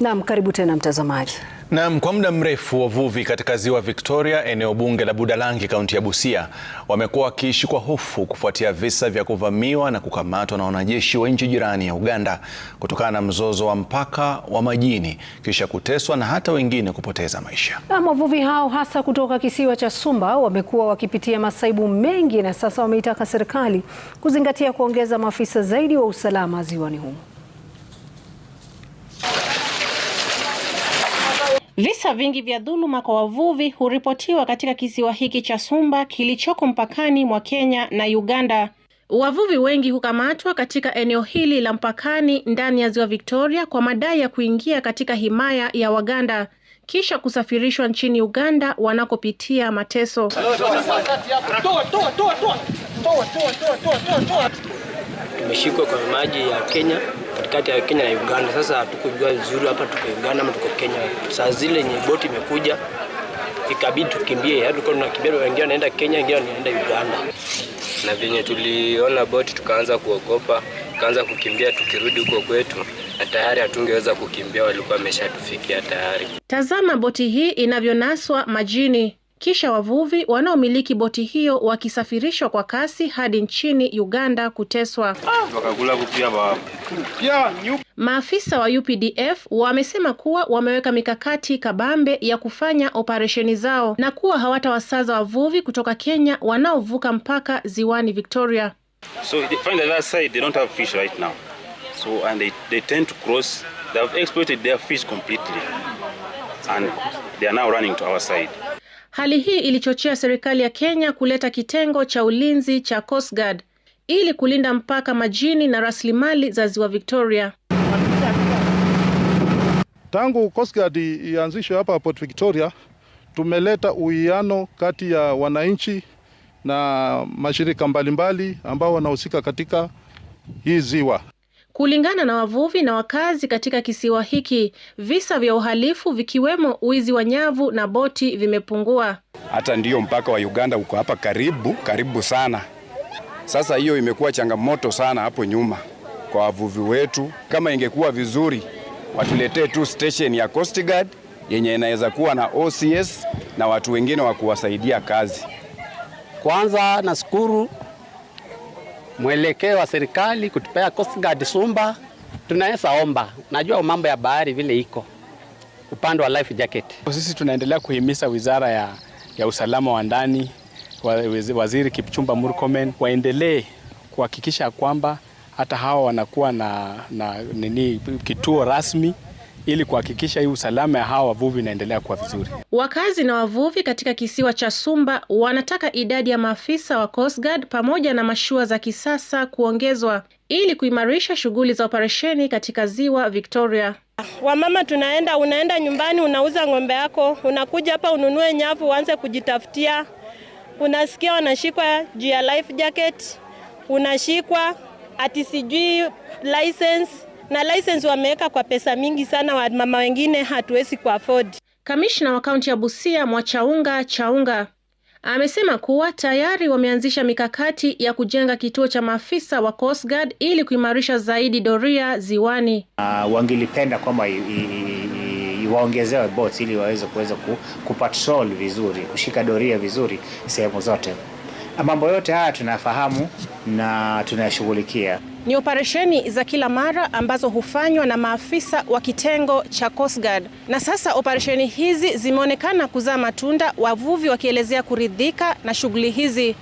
Naam, karibu tena mtazamaji. Naam, kwa muda mrefu wavuvi katika ziwa Victoria, eneo bunge la Budalangi, kaunti ya Busia, wamekuwa wakiishi kwa hofu kufuatia visa vya kuvamiwa na kukamatwa na wanajeshi wa nchi jirani ya Uganda kutokana na mzozo wa mpaka wa majini, kisha kuteswa na hata wengine kupoteza maisha. Naam, wavuvi hao hasa kutoka kisiwa cha Sumba wamekuwa wakipitia masaibu mengi na sasa wameitaka serikali kuzingatia kuongeza maafisa zaidi wa usalama ziwani humo. Visa vingi vya dhuluma kwa wavuvi huripotiwa katika kisiwa hiki cha Sumba kilichoko mpakani mwa Kenya na Uganda. Wavuvi wengi hukamatwa katika eneo hili la mpakani ndani ya ziwa Victoria kwa madai ya kuingia katika himaya ya Waganda kisha kusafirishwa nchini Uganda wanakopitia mateso. Tumeshikwa kwa maji ya Kenya katikati ya Kenya na Uganda. Sasa hatukujua vizuri hapa tuko Uganda ama tuko Kenya. Saa zile nye boti imekuja ikabidi tukimbie, hadi yaani tulikuwa tunakimbia, wengine wanaenda Kenya, wengine wanaenda Uganda. Na vyenye tuliona boti tukaanza kuogopa, tukaanza kukimbia. Tukirudi huko kwetu, na tayari hatungeweza kukimbia, walikuwa wameshatufikia tayari. Tazama boti hii inavyonaswa majini kisha wavuvi wanaomiliki boti hiyo wakisafirishwa kwa kasi hadi nchini Uganda kuteswa. Maafisa wa UPDF wamesema kuwa wameweka mikakati kabambe ya kufanya operesheni zao na kuwa hawatawasaza wavuvi kutoka Kenya wanaovuka mpaka ziwani Victoria. So Hali hii ilichochea serikali ya Kenya kuleta kitengo cha ulinzi cha Coast Guard ili kulinda mpaka majini na rasilimali za ziwa Victoria. Tangu Coast Guard ianzishwe hapa Port Victoria, tumeleta uwiano kati ya wananchi na mashirika mbalimbali ambao wanahusika katika hii ziwa. Kulingana na wavuvi na wakazi katika kisiwa hiki, visa vya uhalifu vikiwemo wizi wa nyavu na boti vimepungua. Hata ndiyo mpaka wa Uganda uko hapa karibu karibu sana. Sasa hiyo imekuwa changamoto sana hapo nyuma kwa wavuvi wetu. Kama ingekuwa vizuri watuletee tu station ya Coast Guard yenye inaweza kuwa na OCS na watu wengine wa kuwasaidia kazi. Kwanza nashukuru mwelekeo wa serikali kutupea Coast Guard Sumba, tunaweza omba. Najua mambo ya bahari vile iko upande wa life jacket. Sisi tunaendelea kuhimiza wizara ya, ya usalama wa ndani, waziri Kipchumba Murkomen waendelee kuhakikisha kwamba hata hawa wanakuwa na, na nini kituo rasmi ili kuhakikisha hii usalama ya hawa wavuvi inaendelea kuwa vizuri. Wakazi na wavuvi katika kisiwa cha Sumba wanataka idadi ya maafisa wa Coast Guard pamoja na mashua za kisasa kuongezwa ili kuimarisha shughuli za operesheni katika ziwa Victoria. Wamama tunaenda, unaenda nyumbani unauza ng'ombe yako, unakuja hapa ununue nyavu uanze kujitafutia. Unasikia wanashikwa juu ya life jacket, unashikwa ati sijui license na license wameweka kwa pesa mingi sana, wamama wengine hatuwezi ku afford. Kamishna wa kaunti ya Busia Mwachaunga Chaunga amesema kuwa tayari wameanzisha mikakati ya kujenga kituo cha maafisa wa Coast Guard ili kuimarisha zaidi doria ziwani. Uh, wangelipenda kwamba waongezewe boats ili waweze kuweza kupatrol vizuri, kushika doria vizuri sehemu zote. Mambo yote haya tunayafahamu na tunayashughulikia. Ni operesheni za kila mara ambazo hufanywa na maafisa wa kitengo cha Coast Guard, na sasa operesheni hizi zimeonekana kuzaa matunda, wavuvi wakielezea kuridhika na shughuli hizi.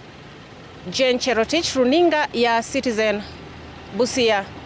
Jane Cherotich, runinga ya Citizen, Busia.